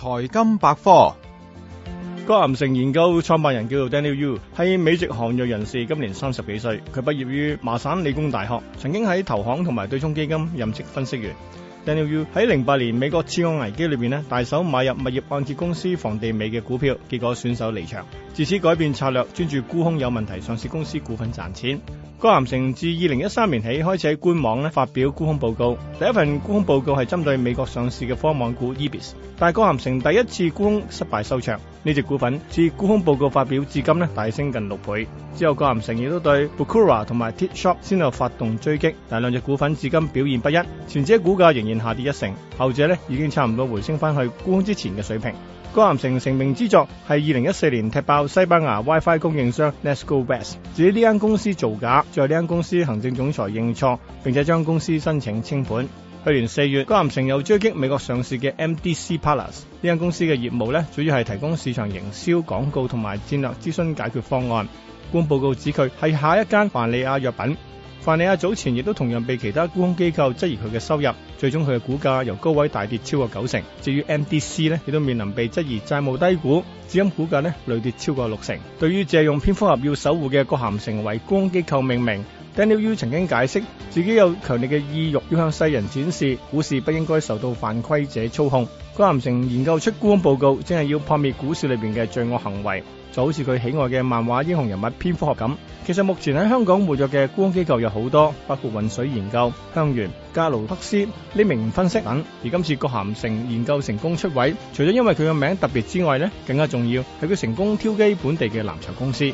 財金百科，葛咸城研究創辦人叫做 Daniel Yu，係美籍韓裔人士，今年三十幾歲，佢畢業於麻省理工大學，曾經喺投行同埋對沖基金任職分析員。喺零八年美國次按危機裏面，大手買入物業按揭公司房地美嘅股票，結果損手收場。自此改變策略，專注沽空有問題上市公司股份賺錢。葛咸城自二零一三年起開始喺官網發表沽空報告，第一份沽空報告係針對美國上市嘅科網股 EBS，但葛咸城第一次沽空失敗收場。呢隻股份自沽空報告發表至今大升近六倍。之後葛咸城亦都對 Bukura 同埋 Tile Shop 先後發動追擊，但係兩隻股份至今表現不一，前者股價仍然下跌一成，後者咧已經差唔多回升翻去高之前嘅水平。葛咸城成名之作係二零一四年踢爆西班牙 WiFi 供應商 Let's Gowex，指呢間公司造假，在呢間公司行政總裁認錯，並且將公司申請清盤。去年四月，葛咸城又追擊美國上市嘅 MDC Partners，呢間公司嘅業務咧主要係提供市場營銷廣告同埋戰略諮詢解決方案。官報告指佢係下一間凡利亞藥品。泛尼亞早前亦都同樣被其他沽空機構質疑佢嘅收入，最終佢嘅股價由高位大跌超過九成。至於 MDC 咧，亦都面臨被質疑債務低估，至今股價咧累跌超過六成。對於借用蝙蝠俠要守護嘅葛咸城為沽空機構命名。Daniel Yu 曾經解釋，自己有強力的意欲，要向世人展示，股市不應該受到犯規者操控。葛咸城研究出沽空報告，正係要破滅股市裏面的罪惡行為，就好似佢喜愛嘅漫畫英雄人物蝙蝠俠咁。其實目前喺香港活躍嘅沽空機構有好多，包括渾水研究、香櫞、加羅托斯、匿名分析等，而今次葛咸城研究成功出位，除咗因為佢嘅名特別之外，呢更加重要，係佢成功挑機本地嘅藍籌公司。